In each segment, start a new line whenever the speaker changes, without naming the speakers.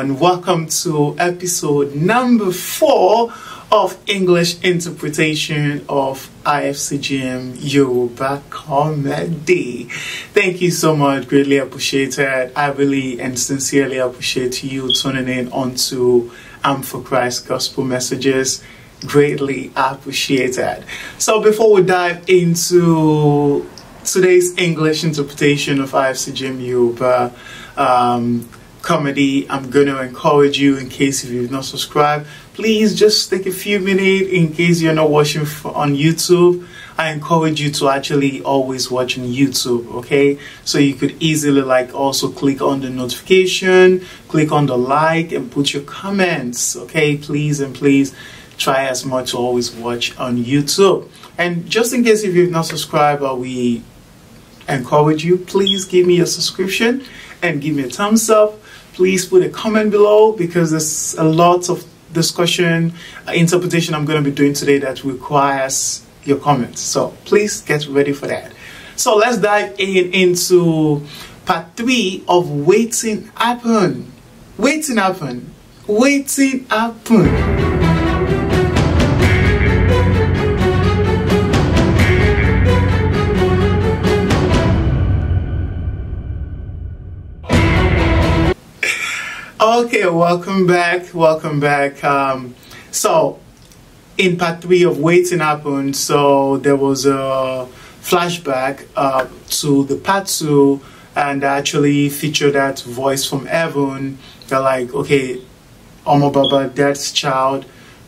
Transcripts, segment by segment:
everyone. Welcome to episode number four of English interpretation of IFCGM Yoruba Comedy. Thank you so much, greatly appreciate it. I really and sincerely appreciate you tuning in onto I'm for Christ Gospel Messages. Greatly appreciate it. So before we dive into today's English interpretation of IFCGM Yoruba, um, comedy i'm going to encourage you in case if you've not subscribed please just take a few minutes in case you're not watching on youtube i encourage you to actually always watch on youtube okay so you could easily like also click on the notification click on the like and put your comments okay please and please try as much to always watch on youtube and just in case if you've not subscribed or uh, we encourage you please give me a subscription and give me a thumbs up please put a comment below because there's a lot of discussion, uh, interpretation I'm going to be doing today that requires your comments. So please get ready for that. So let's dive in into part three of waiting happen. Waiting happen. Waiting happen. Okay, welcome back, welcome back. Um, so, in part three of Waiting Happened, so there was a flashback uh, to the part two, and actually featured that voice from Evan. They're like, okay, Omo Baba, that's child,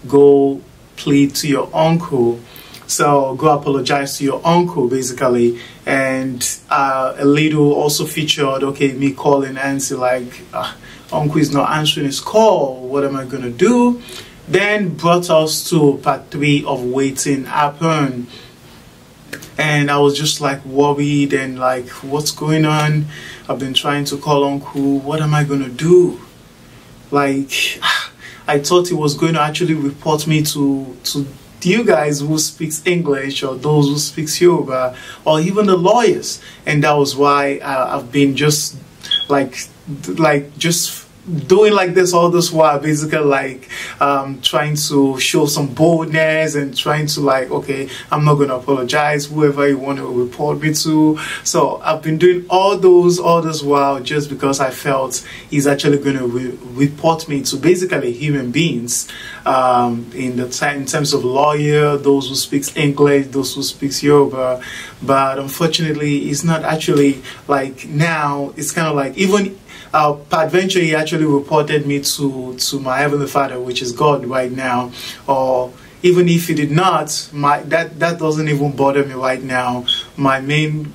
go plead to your uncle. So go apologize to your uncle, basically. And uh, a little also featured, okay, me calling Nancy, like, uh, uncle is not answering his call, what am I going to do? Then brought us to part three of waiting happen. And I was just like worried and like, what's going on? I've been trying to call uncle, what am I going to do? Like, I thought he was going to actually report me to, to you guys who speaks English or those who speaks Yoruba or even the lawyers. And that was why I, I've been just like like just doing like this all this while basically like um, trying to show some boldness and trying to like okay i'm not going to apologize whoever you want to report me to so i've been doing all those all this while just because i felt he's actually going to re report me to basically human beings um, in the in terms of lawyer those who speaks english those who speaks yoruba but unfortunately it's not actually like now it's kind of like even uh, peradventure he actually reported me to, to my heavenly father, which is God right now, or even if he did not, my, that, that doesn't even bother me right now. My main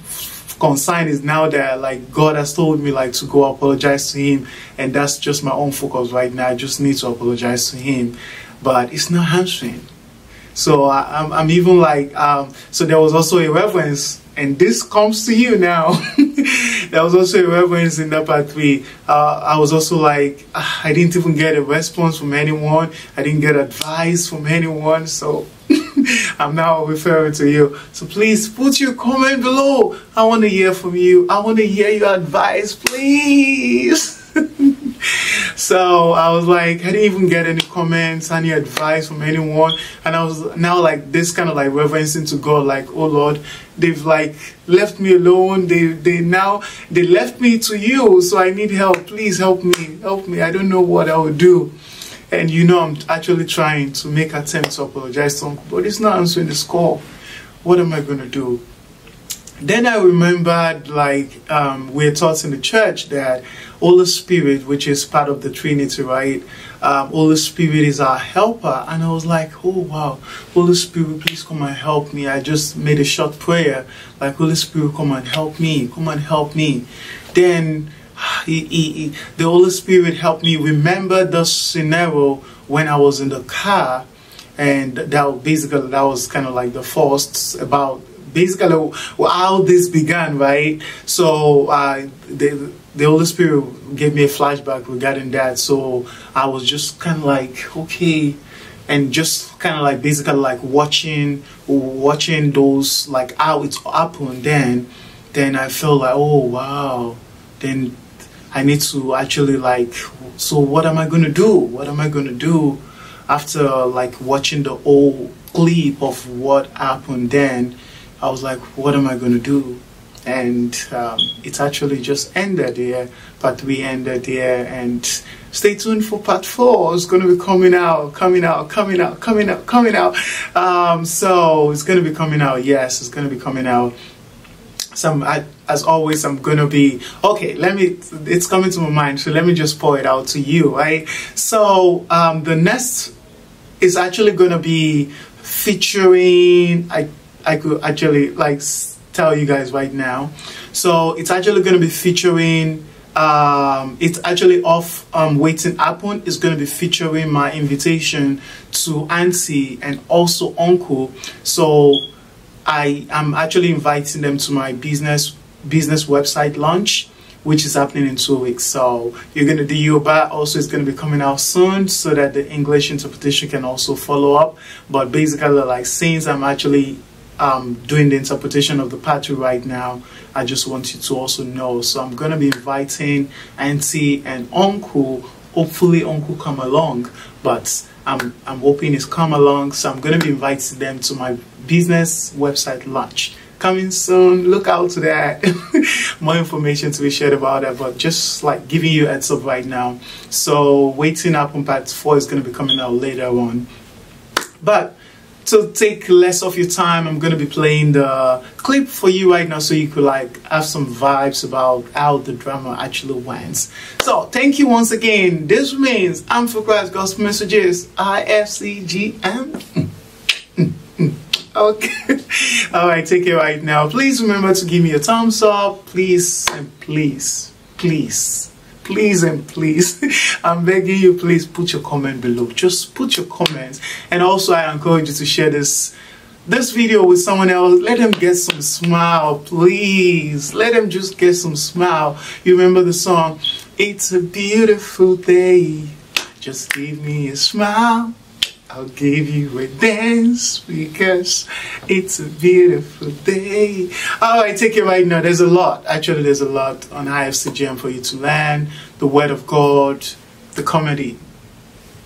concern is now that like God has told me like to go apologize to him and that's just my own focus right now. I just need to apologize to him. But it's not answering. So I, am even like, um, so there was also a reference and this comes to you now. that was also a reference in that part three. Uh, I was also like, ah, I didn't even get a response from anyone. I didn't get advice from anyone. So I'm now referring to you. So please put your comment below. I want to hear from you. I want to hear your advice, please. So I was like, I didn't even get any comments, any advice from anyone. And I was now like this kind of like reverencing to God, like, oh Lord, they've like left me alone. They they now they left me to you. So I need help. Please help me. Help me. I don't know what I would do. And you know, I'm actually trying to make attempts to apologize to him, but it's not answering this call. What am I gonna do? then I remembered, like, um, we're taught in the church that Holy Spirit, which is part of the Trinity, right? Um, Holy Spirit is our helper. And I was like, oh, wow, Holy Spirit, please come and help me. I just made a short prayer, like, Holy Spirit, come and help me, come and help me. Then he, he, he, the Holy Spirit helped me remember the scenario when I was in the car. And that was basically, that was kind of like the first about basically how this began, right? So uh, the, the Holy Spirit gave me a flashback regarding that. So I was just kind of like, okay, and just kind of like basically like watching watching those like how it happened then then i felt like oh wow then i need to actually like so what am i going to do what am i going to do after like watching the whole clip of what happened then I was like, what am I going to do? And um, it's actually just ended there. but we ended there, and stay tuned for part four. It's going to be coming out, coming out, coming out, coming out, coming out. Um, so it's going to be coming out. Yes, it's going to be coming out. Some I, as always, I'm gonna be okay. Let me. It's coming to my mind, so let me just pour it out to you. Right. So um, the next is actually gonna be featuring. I I could actually like tell you guys right now. So it's actually going to be featuring um, it's actually off um, waiting happen is going to be featuring my invitation to auntie and also uncle so i am actually inviting them to my business business website launch which is happening in two weeks so you're going to the yoruba also is going to be coming out soon so that the english interpretation can also follow up but basically like since i'm actually um, doing the interpretation of the party right now. I just want you to also know. So I'm going to be inviting auntie and uncle. Hopefully, uncle come along, but I'm I'm hoping he's come along. So I'm going to be inviting them to my business website launch coming soon. Look out to that. More information to be shared about that, but just like giving you heads up right now. So waiting up on part four is going to be coming out later on. But to take less of your time, I'm gonna be playing the clip for you right now so you could like have some vibes about how the drama actually went. So thank you once again. This means I'm for Christ Gospel Messages, IFCGM. okay. All right, take it right now. Please remember to give me a thumbs up. Please and please, please please and please, I'm begging you, please put your comment below. Just put your comments. And also, I encourage you to share this this video with someone else. Let them get some smile, please. Let them just get some smile. You remember the song, It's a Beautiful Day. Just give me a smile. I'll give you a dance because it's a beautiful day. All oh, right, take it right now. There's a lot. Actually, there's a lot on IFCGM for you to learn. The Word of God, the comedy,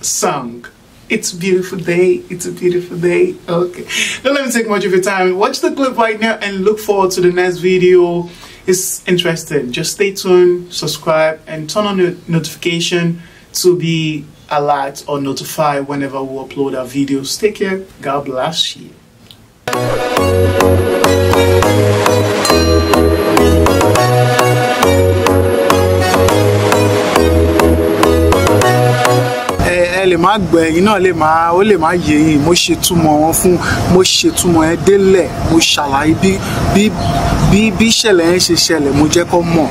song. It's a beautiful day. It's a beautiful day. Okay. Don't let me take much of your time. Watch the clip right now and look forward to the next video. It's interesting. Just stay tuned, subscribe, and turn on the notification to be alert or notify whenever we upload our videos. Take care. God bless you. lè má gbọ́ ẹ̀yin náà lè má ó lè má yé yín mo ṣe wọn fún mo ṣe túmọ̀ ẹ délẹ̀ mo ṣàlàyé bí bí bí ìṣẹ̀lẹ̀ yẹn ṣe ṣẹlẹ̀ mo jẹ́ kó mọ̀.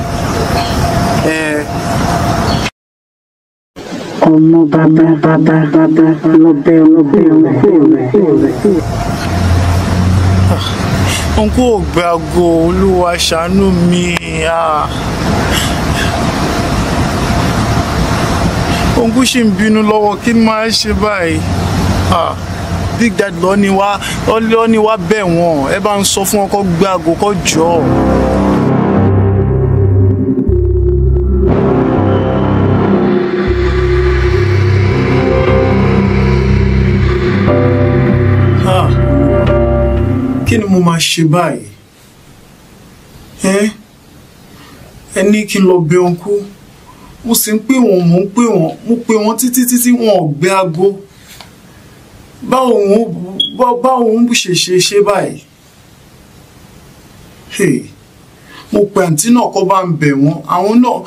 ọmọ bàbá bàbá bàbá lọ́bẹ̀ lọ́bẹ̀ lọ́bẹ̀ lọ́bẹ̀. Ònkú ògbàgò olúwa ṣàánú mi. Ònkú ah. ṣì ń bínú lọ́wọ́ kí ni máa ṣe báyìí? Ah, Big Dad lọ́ni wá bẹ̀ wọ́n ẹ bá ń sọ fún ọkọ̀ gbàgò kọ́ jọ. kí ni mo máa ṣe báyìí ẹ ní kí n lọ bẹ̀ òun kú mo sì ń pè wọ́n mo ń pè wọ́n mo pè wọ́n títí títí wọn ò gbé aago báwo òun ṣe ṣe ṣe báyìí mo pè àǹtí náà kó bá ń bẹ̀ wọ́n àwọn náà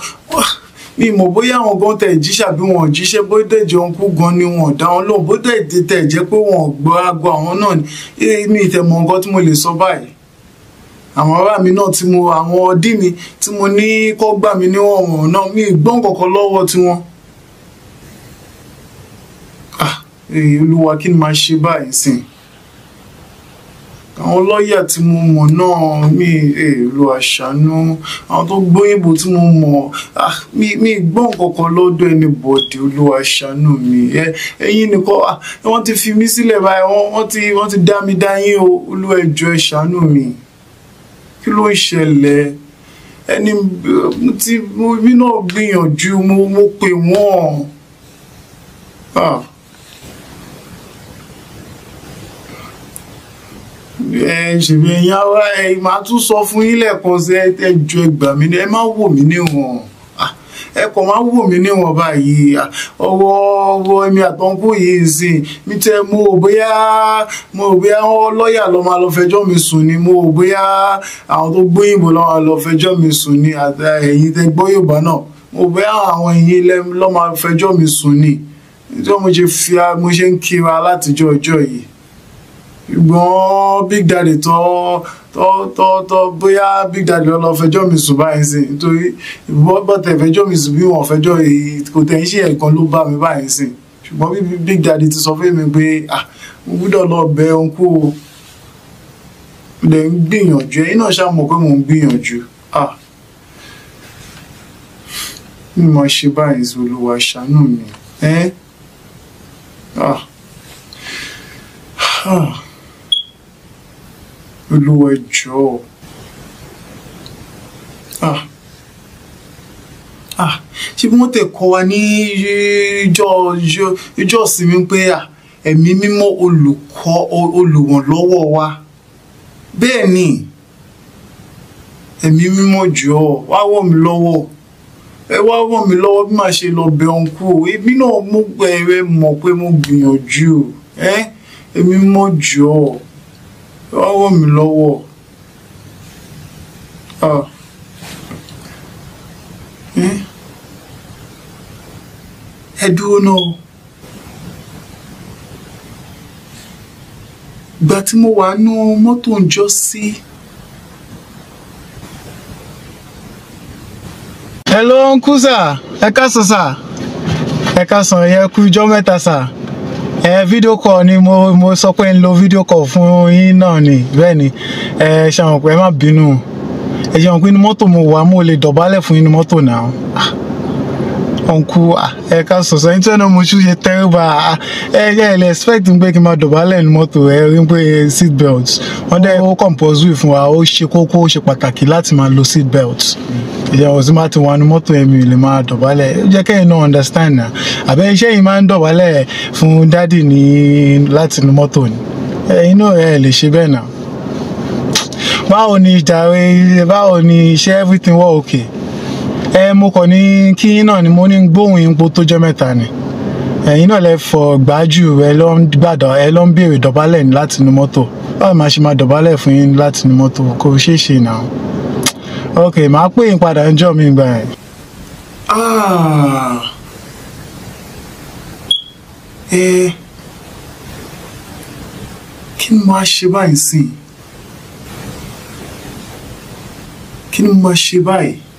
mi mọ̀ bóyá àwọn gan tẹ̀ jíṣà bí wọn jíṣẹ́ bódèjì ohun kú gan ni wọn dá wọn lóhùn bódèjì tẹ̀ jẹ́ pé wọn gbọ́ aago àwọn náà ni mi ìtẹ̀mọ̀ nǹkan tí mo lè sọ báyìí àwọn ará mi náà tí mo àwọn ọdí mi tí mo ní kọ́ gbà mí níwọ̀n náà mi gbọ́n kọ̀ọ̀kan lọ́wọ́ tiwọn. Ah, olúwa kí ni máa ṣe báyìí sìn àwọn lọ́ọ̀yà tí mo mọ̀ náà mi èèlò àṣàánú àwọn tó gbóyìnbó tí mo mọ̀ ah, mi gbọ́n kankan lọ́dọ̀ ẹni bọ̀dì olúwa ṣàánú mi ẹ̀yin nìkan ah, wọ́n ti fi mí sílẹ̀ báyìí wọ́n ti dá mi dá yín o olúwa ẹ̀jọ̀ ẹ ṣàánú mi kí ló ń ṣẹlẹ̀ ẹni tí mi náà gbìyànjú mo pè wọ́n. Ah. ẹ ṣèbí ẹ̀yin àwa ẹ máa tún sọ fún yín lẹ́ẹ̀kan sí ẹ ju ẹgbà mí ẹ má wò mí níwọ̀n ẹ kàn máa wò mí níwọ̀n báyìí ọwọ́ ọwọ́ èmi àtọ́nkù yìí nsìn mi tẹ mo ò bóyá mo ò bóyá lọ́ọ̀yà lọ́ máa lọ fẹjọ́ mi sùn ni mo ò bóyá àwọn tó gbóyìnbó lọ́ máa lọ fẹjọ́ mi sùn ni ẹ̀yin tẹ gbọ́ Yorùbá náà mo ò bóyá àwọn ẹ̀yin lọ́ máa fẹjọ́ mi sùn ni tí wọ́n mo ṣe ń kira látijọ́ ọjọ́ yìí ṣùgbọ́n big daddy tó tó tó tó bóyá big daddy lọ lọ fẹjọ́ mi sùn báyìí sí nítorí bọ́tẹ̀ fẹjọ́ mi sùn bí wọ́n fẹjọ́ kò tẹ̀ ń ṣe ẹ̀kan ló bá mi báyìí sí ṣùgbọ́n bí big daddy ti sọ fún mi pé ah mo gbúdọ̀ lọ bẹ ọkọ o lè ń gbìyànjú ẹ̀yin náà ṣáà mọ̀ pé mò ń gbìyànjú ah mi mọ̀ ṣe báyìí sí olúwa ṣàánú mi ẹ́ ah olúwa jọ̀ọ́ ah ah ṣé bí wọ́n tẹ̀ kọ́ wa ní ìjọ ìjọ ìsinmi pé ẹ̀mí mímọ́ olùkọ́ olùwọ̀nlọ́wọ́ wa bẹ́ẹ̀ ni ẹ̀mí mímọ́ jọ̀ọ́ wá wọ̀ mí lọ́wọ́ ẹ wá wọ̀ mí lọ́wọ́ bí màá ṣe lọ bẹ̀ ọ̀hún kú èmi náà mo gbẹ̀rẹ̀ mọ̀ pé mo gbìyànjú ẹ ẹ̀mí mímọ́ jọ̀ọ́ ọwọ́ mi lọ́wọ́ ẹ dúró náà ìgbà tí mo wà nú mọ́tò ń jọ sí. hello uncle sir ẹ káàsán sir ẹ káàsán yẹ kú ijọ́ mẹ́ta sir ẹ fídíò call ni mo mo sọ pé ń lo fídíò call fún yín náà ni bẹ́ẹ̀ ni ẹ ṣàwọn pé ẹ má bínú ẹ ṣàwọn pé inú mọ́tò mo wà mo lè dọ̀bálẹ̀ fún inú mọ́tò náà. Ah ọ̀nkú ah, ẹ ká sọ̀sọ̀ ẹni tí wọ́n náà mo ṣú ṣe tẹ́rẹ́bà ah, ẹ ẹ lè expect pé kí n máa dọ̀bálẹ̀ ní mọ́tò ẹ rí pé seat belt wọ́n dẹ́ ó compulsory fún wa ó ṣe kókó ó ṣe pàtàkì láti máa lo seat belt ìyá ọ̀sí máa ti wà ní mọ́tò ẹ̀mí lè máa dọ̀bálẹ̀ ó jẹ́ kẹ́yìn náà understand na àbẹ́ iṣẹ́ yìí máa ń dọ̀bálẹ̀ fún dádì ní láti ní mọ́tò ni ẹ̀yin náà ẹ lè ṣe bẹ́ẹ̀ náà báwo ni ìjà rẹ báwo ni iṣẹ́ everything wọ́n okay ẹ mo kàn ní kí yín náà ni mo ní gbóhùn ipò tó jẹ́ mẹ́ta ni ẹ̀yin náà lẹ fọ gbájú ẹ lọ ń gbàdọ̀ ẹ lọ ń béèrè dọ̀bálẹ̀ láti inú mọ́tò báwo máa ṣe máa dọ̀bálẹ̀ fún yín láti inú mọ́tò kò ṣeé ṣe náà ok màá pè yín padà ń mi gbà yẹn. Ah. ẹ kí ni mo ṣe báyìí sí kí ni mo ṣe báyìí.